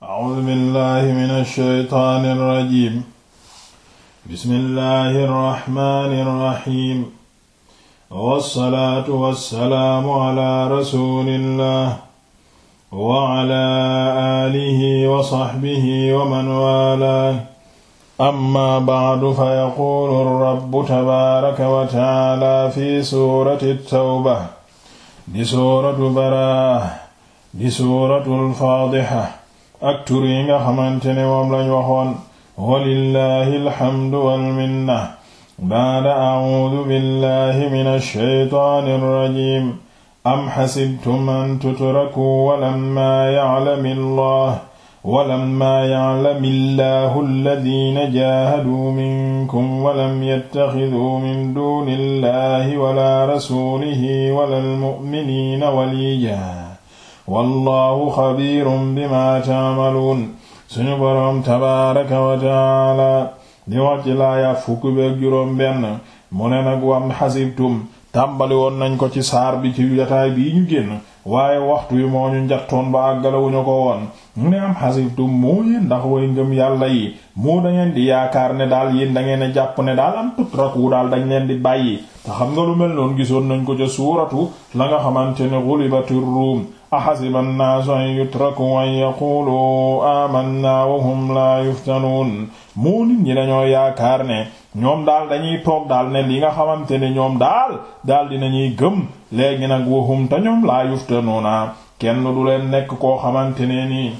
A'uuzu billaahi mina shaytaani rajiim. Bismillaahi rahmaani rahiim. Wassalaatu wassalaamu alaa rasuulillaah wa alaa aalihi wa sahbihi wa man waalaah. Ammaa ba'du fa yaquulu rabbu tabaaraka wa ta'aalaa fi suurati tawba di suuratu baraa'a di suuratul faadiha ak tur yi nga xamante ne moom lañ waxoon walillahi alhamdu walminna baada acuudu billahi min alsheytaani alrajim am xasibtum an tutrakuu walammaa yaclami allah walammaa yaclami allahu alladina jaahaduu minkum walam yattaxiduu min duuni allahi wala rasulihi wala almu'miniina waliya wallahu xabiirum bima taamaluun suñu boroom tabaaraka wa taala di wax ci laaya fukk beek juróom benn mu ne nag wam xasibtum tàmbali woon nañ ko ci saar bi ci jotaay bii ñu génn waaye waxtu wi moo ñu njattoon ba àggalawuñu ko woon mu ne am xasibtum moo yéen ndax way ngëm yàlla yi moo da ngeen di yaakaar ne daal yi da ngeen a jàpp ne daal am tutraku daal dañ leen di bàyyi te xam nga lu mel noon gisoon nañ ko ca suuratu la nga xamante ne xulibatir axasiba annaasu an yutraku an yaqulu amanna wa hum laa yuftanuun moo ñi dañoo yaakaar ne ñoom daal dañuy toog daal ne li nga xamante ne ñoom daal daal dinañuy gëm léegi nag wa ta te ñoom laa yuftanuuna kenn du leen nekk koo xamante ne nii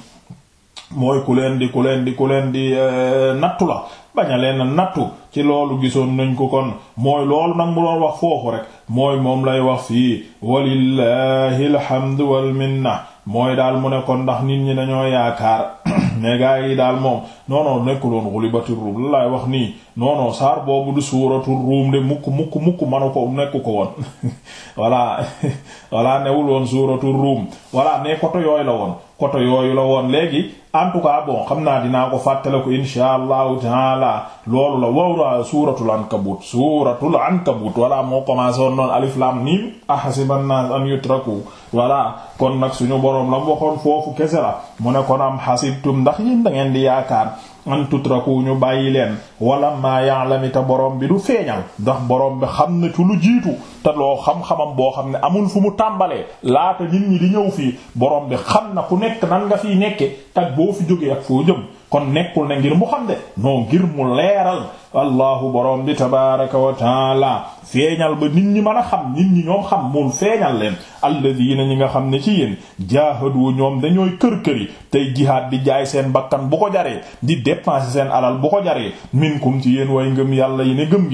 mooy ku leen di ku leen di ku leen di eh, nattu la bañ a leen nattu ci loolu gisoon nañ ko kon mooy loolu nag mu doon wax foofu rek mooy moom lay wax fii walillahi alhamdu wal minna mooy daal mo nekkoon ndax nit ñi dañoo yaakaar ne gaa yi daal moom noonoo non nekkuloon xulibati ruum lay wax nii non non saar boobu du suuratu ruum de mukk mukku mukk manu ko nekku ko woon voilà newul woon suuratu ruum voilà ne koto yooyu la woon koto yooyu la woon léegi en tout cas bon xam naa dina ko fàttale ko insha allahu taala loolu la wawra suratul ankabut suratul ankabut voilà moo commencé woon noonu alif lam mim ahasiba nnas an yutraku voilà kon nag suñu boroom la mu waxoon foofu kese la mu ne kon am hasibtum ndax yéen ngeen di yaakaar an tutraku ñu bàyyi leen wala maa ya'lamita borom bi du feeñal ndax borom bi xam na ci jiitu te loo xam-xamam boo xam ne amul fu mu tàmbalee laata nit ñi di ñëw fii borom bi xam na ku nekk nan nga fiy nekke tak boo fi jógee ak foo jëm kon nekkul na ngir mu xam de non ngir mu leeral allahu borom bi tabaraka wa taala feeñal ba nit ñi man a xam nit ñi ñoom xam mun feeñal leen alladina ñi nga xam ne ci yéen jaahadu ñoom dañooy kër-kër yi tey jihaad di jaay seen bakkan bu ko jaree di dépenser seen alal bu ko jaree minkum ci yéen way ngëm yàlla yi ne gëm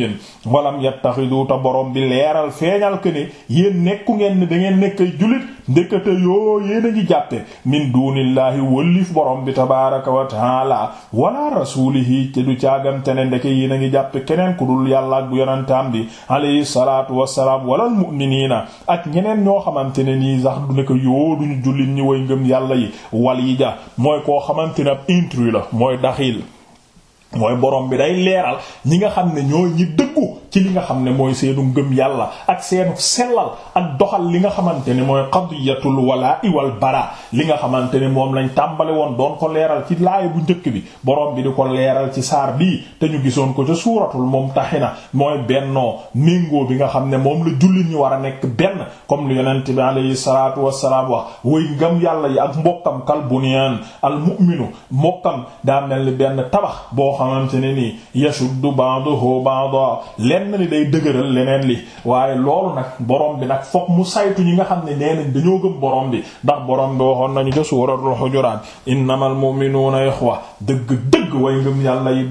feeñal que ne yéen nekku ngeen ne da nekk ay jullit ndekete yoo yéen a ngi jàppe min dunillahi wëllif borom bi tabaraka wa taala wala rasulihi te du caagante ne ndeke yéen a ngi jàpp keneen ku dul yàlla ak bu yonentaam bi alayhi salaatu wassalaam wala na ak ñeneen ñoo xamante ne nii sax du nekk yoo duñu jullit ñi way ngëm yàlla yi wal yi ja mooy koo xamante ne ab intrus la mooy daxil mooy borom bi day leeral ñi nga xam ne ñooy ñi dëggu ci li nga xam ne mooy seenu ngëm yàlla ak seenu sellal ak doxal li nga xamante ne mooy qadiyatul walaa iwal bara li nga xamante ne moom lañ tàmbali woon doon ko leeral ci laaya bu njëkk bi borom bi di ko leeral ci saar bii te ñu gisoon ko ca suuratul na mooy bennoo méngoo bi nga xam ne moom la jullit ñu war a nekk benn comme lu yonent bi alayhi salaatu wassalaam wax woy ngëm yàlla yi ak mbokkam kal bunyan al mu'minu mbokkam daa tabax boo xamante ne nii lenn li day dëgëral leneen li waaye loolu nag boroom bi nag fokk mu saytu ñi nga xam ne nee dañoo gëm boroom bi ndax borom bi waxoon nañu ca suuratul Hujuraat innamal mu'minuuna ixwa dëgg dëgg way ngëm yàlla yi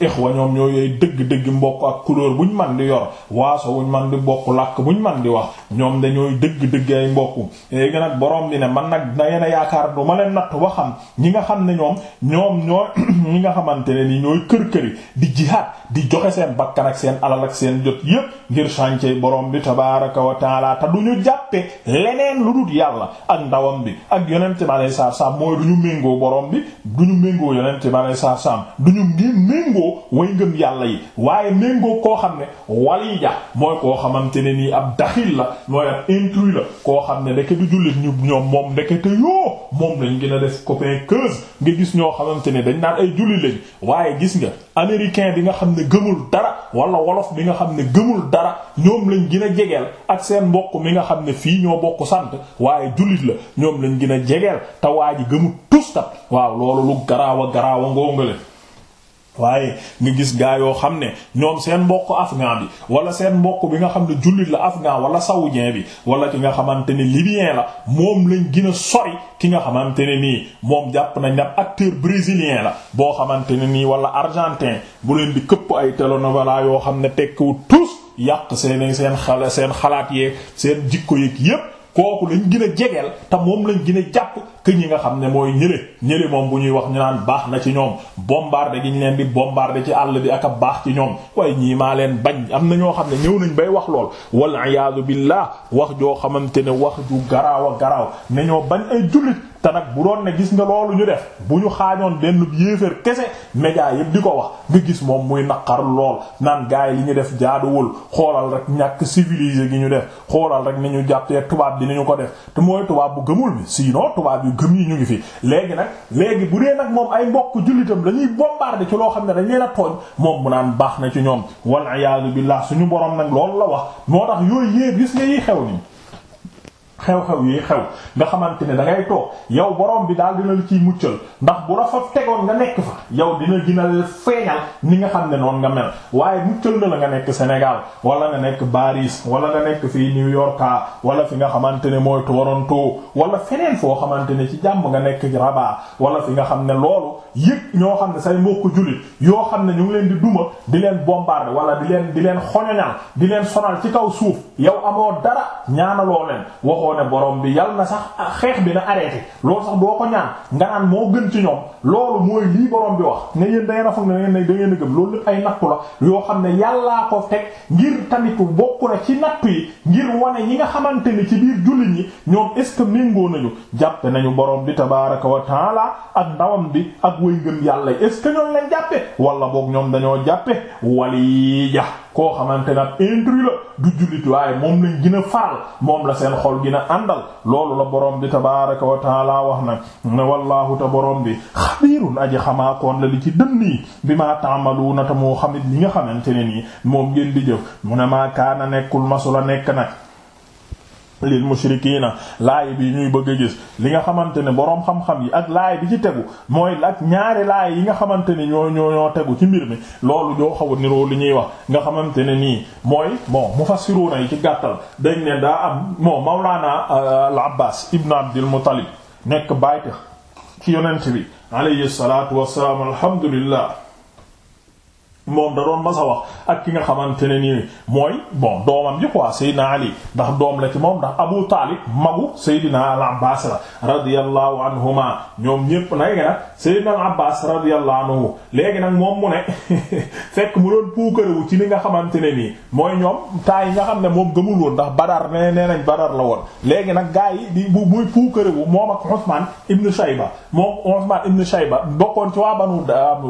ixwa ñoom ñoo yooyu dëgg-dëgg mbokk ak bu ñu man di yor waaso buñ man di bokk làkk ñu man di wax ñoom dañooy dëgg-dëgg ay mbokk léegi nag boroom bi ne man nag dangeen a yaakaar du ma leen natt ba xam ñi nga xam ne ñoom ñoom ñoo ñi nga xamante ne ni ñooy kër-këri di jihaad di joxe seen bakkan ak seen alal ak seen jot yëpp ngir chantier boroom bi tabaraka wa taala te duñu jàppe leneen lu dul yàlla ak ndawam bi ak yonente bi alayhi salaam mooy duñu méngoo bi duñu méngoo yonente bi méngoo way yàlla yi waaye méngoo koo xam ne wal walija mooy koo xamante ne nii ab daxil la mooy ab intrus la koo xam ne ndeke du jullit ñu ñoom moom ndeke te yoo moom lañ gën a def copain keuse nga gis ñoo xamante ne dañ naan ay jullit lañ waaye gis nga américain bi nga xam ne gëmul dara wala wolof bi nga xam ne gëmul dara ñoom lañ gën a jegeel ak seen mbokk mi nga xam ne fii ñoo bokk sant waaye jullit la ñoom lañ gën a jegeel te waa ji gëmul waaw loolu lu waaye nga gis gaa yoo xam ne ñoom seen mbokk afghan bi wala seen mbokk bi nga xam ne jullit la afghan wala saoudien bi wala ki nga xamante ne libyen la moom lañ gën a sori ki nga xamante ne nii moom jàpp nañ ab acteur brésilien la boo xamante ne nii wala argentin bu leen di këpp ay télénovela yoo xam ne tekkiwu tous yàq seen seen xala seen xalaat yeeg seen jikko yeeg yépp kooku lañ gën a jegeel tam moom lañ gën a jàpp que ñi nga xam ne mooy ñële ñële moom bu ñuy wax ñu naan baax na ci ñoom bombarder gi ñu leen di bombarder ci àll bi ak a baax ci ñoom waaye ñii maa leen bañ am na ñoo xam ne ñëw nañ bay wax lool wal iyaadu billah wax joo xamante ne wax ju garaaw a garaaw ne ñoo bañ ay jullit te nag bu doon ne gis nga loolu ñu def bu ñu xaañoon benn yéeféer kese média yëpp di ko wax nga gis moom muy naqar lool naan gaay li ñu def jaaduwul xoolal rek ñàkk civilisé gi ñu def xoolal rek ni ñu jàppee tubaab di ni ñu ko def te mooy tubaab bu gëmul bi sinon tubaab yu gëm yi ñu ngi fi léegi nag léegi bu dee nag moom ay mbokk jullitam dañuy bombarder ci loo xam ne dañ leen a tooñ moom mu naan baax na ci ñoom wal iyaadu billah suñu borom nag loolu la wax moo yooyu yéeg gis nga yi xew ni xew-xew yi xew nga xamante ne da ngay toog yow borom bi daal dina la ciy muccal ndax bu la fa tegoon nga nekk fa yow dina dina feeñal ni nga xam ne noonu nga mel waaye muccal na la nga nekk senegal wala nga nekk Paris wala nga nekk fii New York ah wala fi nga xamante ne mooy Toronto wala feneen foo xamante ne ci jàmm nga nekk ci Rabat wala fi nga xam ne loolu yëpp ñoo xam ne say mbokku jullit yoo xam ne ñu ngi leen di duma di leen bombarder wala di leen di leen di leen sonal ci kaw suuf yow amoo ne borom bi yal na sax xeex bi na arrêté loolu sax boo ko ñaan nga naan moo gën ci ñoom loolu mooy lii borom bi wax ne yéen da ngeen a foog ne da ngeen a gëm loolu lépp ay nattu la yoo xam ne yàllaa ko teg ngir tamit bokk na ci nattu yi ngir wane ñi nga xamante ni ci biir jullit ñi ñoom est ce que nañu jàpp nañu borom bi tabaaraka wa taala ak ndawam bi ak way ngëm yàlla est ñoom lañ jàppe wala boog ñoom dañoo jàppe waliija koo xamante ne ab la du jullit waaye moom lañ gën a moom la seen xol gën a àndal loolu la borom bi tabaaraka wa wax na na wallaahu ta borom bi xabiirun aji xamaakoon la li ci dënn yi bi maa taamaluuna ta moo xamit li nga xamante ne nii moom ngeen di jëf mu ne maa kaana nekkul masula nekk nag lil mushrikiina laay bi ñuy bëgg a gis li nga xamante ne boroom xam-xam yi ak laay bi ci tegu mooy ak ñaari laay yi nga xamante ni ñoo ñoo tegu ci mbir mi loolu ñoo xaw niroo li ñuy wax nga xamante ne nii mooy bon mufassiruuna yi ci gàttal dañ ne daa am moo Mawlaana euh, al Abbaas ibn Abdil Muttalib nekk bàyta ci yonent bi alayhi salaatu wassalaam alhamdulillah moom da doon masa wax ak ki nga xamante ne nii mooy bon doomam ji quoi Seydina Ali ndax doom la ci moom ndax Abu Taalib magu Seydina Al Abbaas la radiyallahu anhuma ñoom ñépp nag nag Seydina Al Abbaas radiyallahu anhu léegi nag moom mu ne fekk mu doon puukarewu ci li nga xamante ne nii mooy ñoom taa yi nga xam ne moom gëmul woon ndax Badar nee nañ Badar la woon léegi nag gaa yi di bu muy puukarewu moom ak Usmaan ibn Shayba moom Usmaan ibn Shayba bokkoon ci waa Banu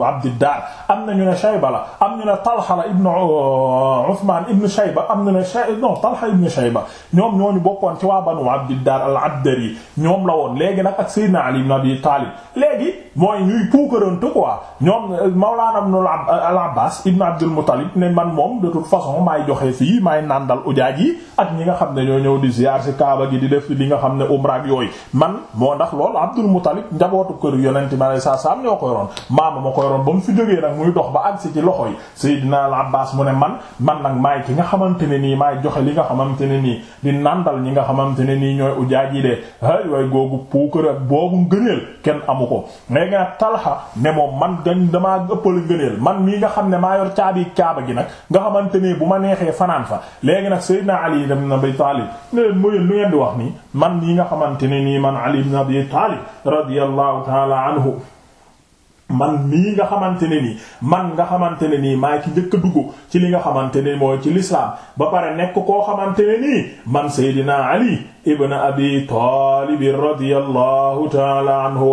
Abdid Daar am nañu ne Shayba la Talha am ñu na Talha la ibnu uh, Uthman ibnu Shayba am ñu ne Shay non Talha ibnu Shayba ñoom ñooñu bokkoon ci waa Banu Abdiddar al-Abdari ñoom la woon léegi nag ak Sayyidina Ali ibn Abi Talib léegi mooy ñuy puukarantu quoi ñoom euh, Mawlana euh, al-Abbas ibn Abdul Muttalib ne man moom de toute façon maay joxe fii maay nàndal ujaaj yi ak ñi nga xam ne ñoo ñëw di ziar ci Kaaba gi di def li nga xam ne umra ak yooyu man moo ndax loolu Abdul Muttalib njabootu kër yonente ma a sa sam ñoo ko yoroon loxo yi Seydina al Abbaas mu ne man man nag maay ki nga xamante ne nii maay joxe li nga xamante ne nii di nandal ñi nga xamante ne nii ñooy ujaaj yi de hay way googu puukare boobu ngëneel kenn amu ko léegi nag Talha ne moom man dañ damaa ëppal ngëneel man mii nga xam ne maa yor caabi Kaaba gi nag nga xamante ne bu ma neexee fanaan fa léegi nag Seydina Ali ibn Abi Talib ne leen mooy lu ngeen di wax nii man mii nga xamante ne nii man Ali ibn Abi Talib radiyallahu man nii nga xamante ne nii man nga xamante ne nii maa ci njëkk a dugg ci li nga xamante ne mooy ci lislaam ba pare nekk koo xamante ne nii man Seydina Ali ibn Abi Taalib radiyallahu taala anhu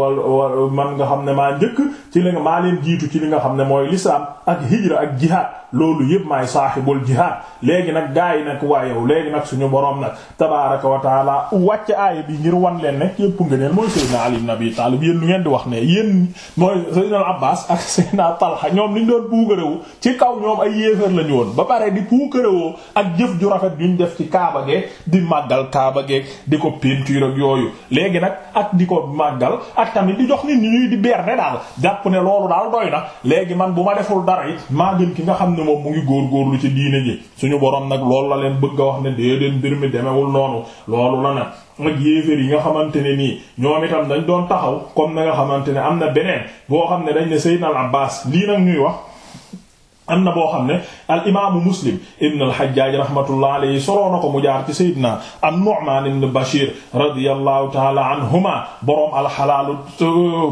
man nga xam ne maa njëkk ci li nga maa leen jiitu ci li nga xam ne mooy lislaam ak hijra ak jihaad loolu yëpp maay saaxibul jihaad léegi nag gaa yi nag waa yow léegi nag suñu boroom nag tabaaraka wa taala wàcc aaya bi ngir wan leen ne yëpp nga neen mooy Seydina Ali ibn Abi Taalib yéen nu ngeen di wax ne yéen mooy Seydina Abbaas ak Seydina Talha ñoom liñ doon puukarewu ci kaw ñoom ay yéefar lañu woon ba pare di puukarewoo ak jëf ju rafet yuñ def ci kaaba gee di màggal kaaba gee di ko peinture ak yooyu léegi nag ak di ko màggal ak tamit di jox nit ku ne loolu daal doy na léegi man bu ma deful dara it maa gën ki nga xam ne moom mu ngi góor góorgóorlu ci diine ji suñu borom nag loolu la leen bëgg a wax ne déedéet mbir mi demewul noonu loolu la nag ak yéeféer yi nga xamante ne nii ñoom itam dañ doon taxaw comme na nga xamante ne am na beneen boo xam ne dañ ne Seydina Al Abbas lii nag ñuy wax am na boo xam ne al imaamu muslim ibn al hajjaj rahmatullah alayhi soloo na ko mu jaar ci sayyidina an nu'man ibn bashir radiyallahu taala anhuma boroom alxalaalu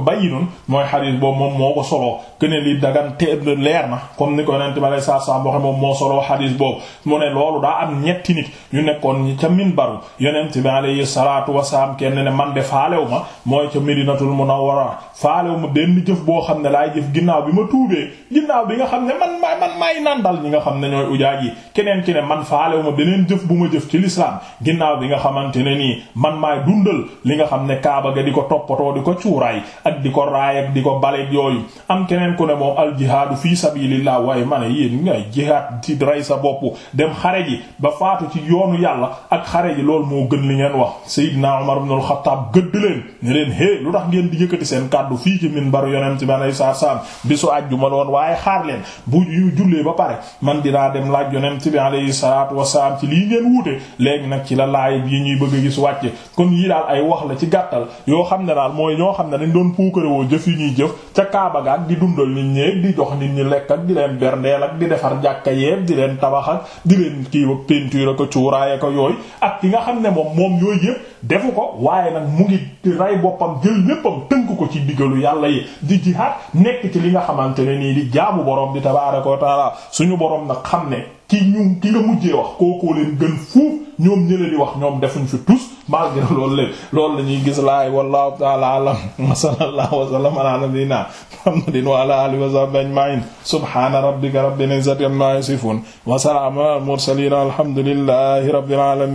bayyinun mooy xadis boobu moom moo ko soloo kuene li dagan te leer na comme ni ko yonente bi alei satu salaam boo xam moom moo soloo xadis boobu mu ne loolu daa am ñetti nit ñu nekkoon ca minbaru yonente bi alayhi salatu wasalaam kenn ne man de faalew ma mooy ca medinatul munawwara faalew ma benn jëf boo xam ne laay jëf ginnaaw bi ma tuubee ginnaaw bi nga xam ne man maay man maay nandal ñi nga xam ne ñooy ujaaj yi keneen ki ne man faalewu ma beneen jëf bu ma jëf ci lislaam ginnaaw bi nga xamante ne nii man maay dundal li nga xam ne kaaba ga di ko toppatoo di ko cuuraay ak di ko raay ak di ko bale yooyu am keneen ku ne moom al jihaadu fii sabilillah waaye ma ne yéen ngay jihaad ci rey sa bopp dem xare ji ba faatu ci yoonu yàlla ak xare ji loolu moo gën li ngeen wax sa Seydina Umar ibn al-Khattab gëdd leen ne leen hé lu tax ngeen di seen kàddu fii ci minbar yonent bi alayhi salaam bisu àjjuma doon waaye xaar leen bu yu jullee ba pare man dinaa dem laaj yonent bi alayhi salaatu wasalaam ci lii ngeen wuute léegi nag ci la laay yi ñuy bëgg a gis wàcce kon yii daal ay wax la ci gàttal yoo xam ne daal mooy ñoo xam ne dañ doon puukarewoo jëf yi ñuy jëf ca ga ak di dundal nit ñeeg di jox nit ñi lekk ak di leen berndeel ak di defar jàkka yeeg di leen tabax ak di leen kii wa peinture ko cuuraay ko yooyu ak ki nga xam ne moom moom yooyu yëpp defu ko waaye nag mu ngi rey boppam jël léppam tënk ko ci digalu yàlla yi di jihaad nekk ci li nga xamante ne nii di jaamu borom di tabaara tabaaraka wa taala suñu borom nag xam ne ki ñu ki nga mujjee wax kookoo leen gën fuuf ñoom ñële di wax ñoom defuñ fi tus malgré loolu lépp loolu la ñuy gis laay wallahu taala alam wa sallallahu wa sallama ala nabiyyina muhammadin wa a alihi wa sahbihi ajma'in subhana rabbika rabbil izzati amma yasifun wa salamun al mursalin alhamdulillahi rabbil alamin